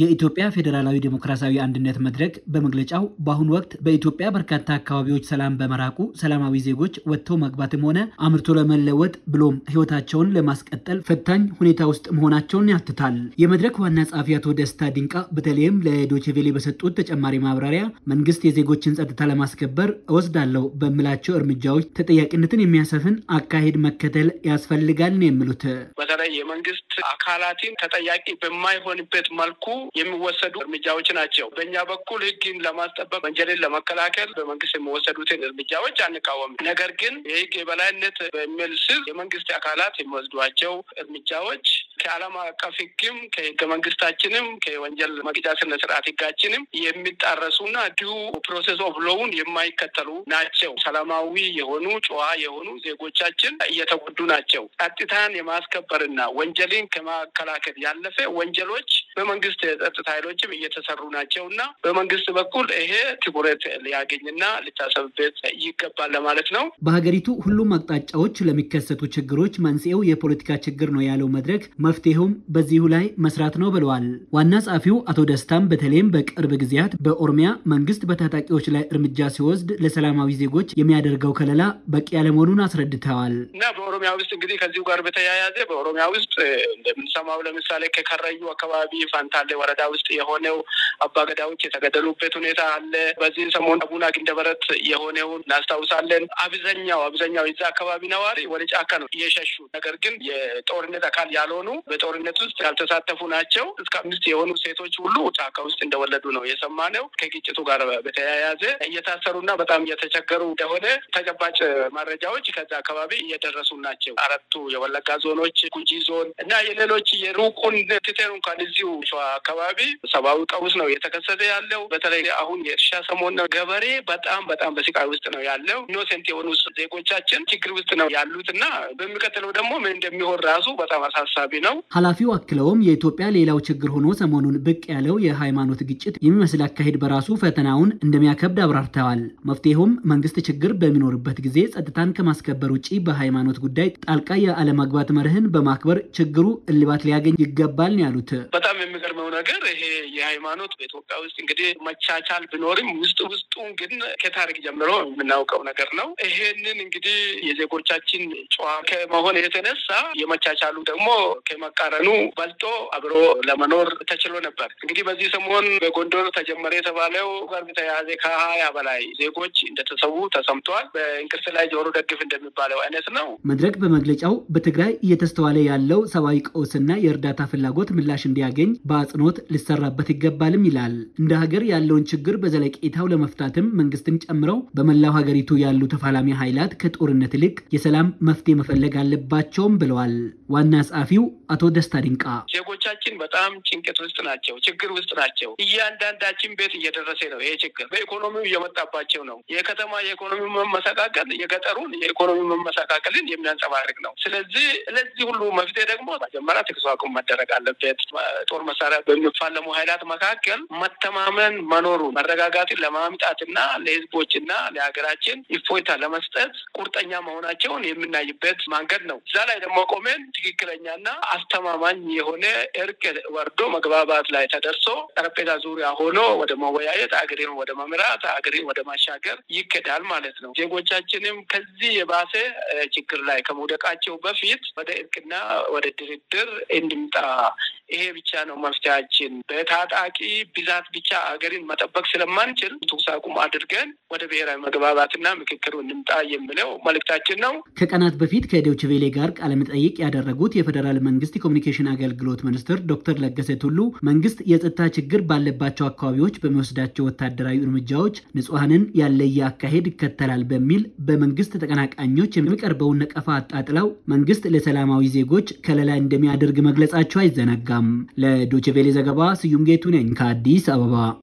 የኢትዮጵያ ፌዴራላዊ ዴሞክራሲያዊ አንድነት መድረክ በመግለጫው በአሁኑ ወቅት በኢትዮጵያ በርካታ አካባቢዎች ሰላም በመራቁ ሰላማዊ ዜጎች ወጥተው መግባትም ሆነ አምርቶ ለመለወጥ ብሎም ሕይወታቸውን ለማስቀጠል ፈታኝ ሁኔታ ውስጥ መሆናቸውን ያትታል። የመድረክ ዋና ጸሐፊ አቶ ደስታ ድንቃ በተለይም ለዶችቬሌ በሰጡት ተጨማሪ ማብራሪያ መንግስት የዜጎችን ጸጥታ ለማስከበር እወስዳለሁ በምላቸው እርምጃዎች ተጠያቂነትን የሚያሰፍን አካሄድ መከተል ያስፈልጋል ነው የሚሉት። በተለይ የመንግስት አካላትን ተጠያቂ በማይሆንበት መልኩ የሚወሰዱ እርምጃዎች ናቸው። በእኛ በኩል ህግን ለማስጠበቅ ወንጀልን ለመከላከል በመንግስት የሚወሰዱትን እርምጃዎች አንቃወም። ነገር ግን የህግ የበላይነት በሚል ስር የመንግስት አካላት የሚወስዷቸው እርምጃዎች ከዓለም አቀፍ ህግም ከህገ መንግስታችንም ከወንጀል መቅጫ ስነ ስርዓት ህጋችንም የሚጣረሱና ዲዩ ፕሮሴስ ኦፍ ሎውን የማይከተሉ ናቸው። ሰላማዊ የሆኑ ጨዋ የሆኑ ዜጎቻችን እየተጎዱ ናቸው። ጸጥታን የማስከበርና ወንጀልን ከማከላከል ያለፈ ወንጀሎች በመንግስት የጸጥታ ኃይሎችም እየተሰሩ ናቸው እና በመንግስት በኩል ይሄ ትኩረት ሊያገኝና ሊታሰብበት ይገባል ለማለት ነው። በሀገሪቱ ሁሉም አቅጣጫዎች ለሚከሰቱ ችግሮች መንስኤው የፖለቲካ ችግር ነው ያለው መድረክ መፍትሄውም በዚሁ ላይ መስራት ነው ብለዋል። ዋና ጸሐፊው አቶ ደስታም በተለይም በቅርብ ጊዜያት በኦሮሚያ መንግስት በታጣቂዎች ላይ እርምጃ ሲወስድ ለሰላማዊ ዜጎች የሚያደርገው ከለላ በቂ ያለመሆኑን አስረድተዋል። እና በኦሮሚያ ውስጥ እንግዲህ ከዚሁ ጋር በተያያዘ በኦሮሚያ ውስጥ እንደምንሰማው ለምሳሌ ከከረዩ አካባቢ ፋንታሌ ወረዳ ውስጥ የሆነው አባገዳዎች የተገደሉበት ሁኔታ አለ። በዚህ ሰሞን አቡነ ግንደበረት የሆነውን እናስታውሳለን። አብዛኛው አብዛኛው የዛ አካባቢ ነዋሪ ወደ ጫካ ነው እየሸሹ ነገር ግን የጦርነት አካል ያልሆኑ በጦርነት ውስጥ ያልተሳተፉ ናቸው። እስከ አምስት የሆኑ ሴቶች ሁሉ ጫካ ውስጥ እንደወለዱ ነው የሰማነው። ከግጭቱ ጋር በተያያዘ እየታሰሩና በጣም እየተቸገሩ እንደሆነ ተጨባጭ መረጃዎች ከዛ አካባቢ እየደረሱ ናቸው። አራቱ የወለጋ ዞኖች፣ ጉጂ ዞን እና የሌሎች የሩቁን ትቴር እንኳን እዚሁ ሸዋ አካባቢ ሰብአዊ ቀውስ ነው እየተከሰተ ያለው። በተለይ አሁን የእርሻ ሰሞን ነው። ገበሬ በጣም በጣም በስቃይ ውስጥ ነው ያለው። ኢኖሴንት የሆኑ ዜጎቻችን ችግር ውስጥ ነው ያሉት እና በሚቀጥለው ደግሞ ምን እንደሚሆን ራሱ በጣም አሳሳቢ ነው። ኃላፊው አክለውም የኢትዮጵያ ሌላው ችግር ሆኖ ሰሞኑን ብቅ ያለው የሃይማኖት ግጭት የሚመስል አካሄድ በራሱ ፈተናውን እንደሚያከብድ አብራርተዋል። መፍትሄውም መንግስት ችግር በሚኖርበት ጊዜ ጸጥታን ከማስከበር ውጭ በሃይማኖት ጉዳይ ጣልቃ የአለመግባት መርህን በማክበር ችግሩ እልባት ሊያገኝ ይገባል ያሉት የሚገርመው ነገር ይሄ የሃይማኖት በኢትዮጵያ ውስጥ እንግዲህ መቻቻል ቢኖርም ውስጥ ውስጡን ግን ከታሪክ ጀምሮ የምናውቀው ነገር ነው። ይሄንን እንግዲህ የዜጎቻችን ጨዋ ከመሆን የተነሳ የመቻቻሉ ደግሞ ከመቃረኑ በልጦ አብሮ ለመኖር ተችሎ ነበር። እንግዲህ በዚህ ሰሞን በጎንደር ተጀመረ የተባለው ጋር በተያያዘ ከሀያ በላይ ዜጎች እንደተሰዉ ተሰምተዋል። በእንቅርት ላይ ጆሮ ደግፍ እንደሚባለው አይነት ነው። መድረክ በመግለጫው በትግራይ እየተስተዋለ ያለው ሰብአዊ ቀውስና የእርዳታ ፍላጎት ምላሽ እንዲያገኝ በአጽንኦት ሊሰራበት ይገባልም ይላል። እንደ ሀገር ያለውን ችግር በዘለቄታው ለመፍታትም መንግስትን ጨምረው በመላው ሀገሪቱ ያሉ ተፋላሚ ኃይላት ከጦርነት ይልቅ የሰላም መፍትሄ መፈለግ አለባቸውም ብለዋል ዋና ጸሐፊው አቶ ደስታ ድንቃ። ዜጎቻችን በጣም ጭንቀት ውስጥ ናቸው፣ ችግር ውስጥ ናቸው። እያንዳንዳችን ቤት እየደረሰ ነው። ይሄ ችግር በኢኮኖሚው እየመጣባቸው ነው። የከተማ የኢኮኖሚ መመሰቃቀል የገጠሩን የኢኮኖሚ መመሰቃቀልን የሚያንጸባርቅ ነው። ስለዚህ ለዚህ ሁሉ መፍትሄ ደግሞ መጀመሪያ ተኩስ አቁም መደረግ አለበት። ጦር መሳሪያ በሚፋለሙ ኃይላት መካከል መተማመን መኖሩን መረጋጋትን ለማምጣትና ለህዝቦችና ለሀገራችን እፎይታ ለመስጠት ቁርጠኛ መሆናቸውን የምናይበት መንገድ ነው። እዛ ላይ ደግሞ ቆመን ትክክለኛና አስተማማኝ የሆነ እርቅ ወርዶ መግባባት ላይ ተደርሶ ጠረጴዛ ዙሪያ ሆኖ ወደ መወያየት አገሬን ወደ መምራት አገሬን ወደ ማሻገር ይከዳል ማለት ነው። ዜጎቻችንም ከዚህ የባሰ ችግር ላይ ከመውደቃቸው በፊት ወደ እርቅና ወደ ድርድር እንድምጣ። ይሄ ብቻ ነው ነው መፍትያችን። በታጣቂ ብዛት ብቻ ሀገርን መጠበቅ ስለማንችል ተኩስ አቁም አድርገን ወደ ብሔራዊ መግባባትና ምክክሩ እንምጣ የምለው መልእክታችን ነው። ከቀናት በፊት ከዶይቼ ቬለ ጋር ቃለመጠይቅ ያደረጉት የፌዴራል መንግስት የኮሚኒኬሽን አገልግሎት ሚኒስትር ዶክተር ለገሰ ቱሉ መንግስት የጸጥታ ችግር ባለባቸው አካባቢዎች በሚወስዳቸው ወታደራዊ እርምጃዎች ንጹሐንን ያለየ አካሄድ ይከተላል በሚል በመንግስት ተቀናቃኞች የሚቀርበውን ነቀፋ አጣጥለው መንግስት ለሰላማዊ ዜጎች ከለላ እንደሚያደርግ መግለጻቸው አይዘነጋም። Gedduu jabeenya isa gabaa si ababaa.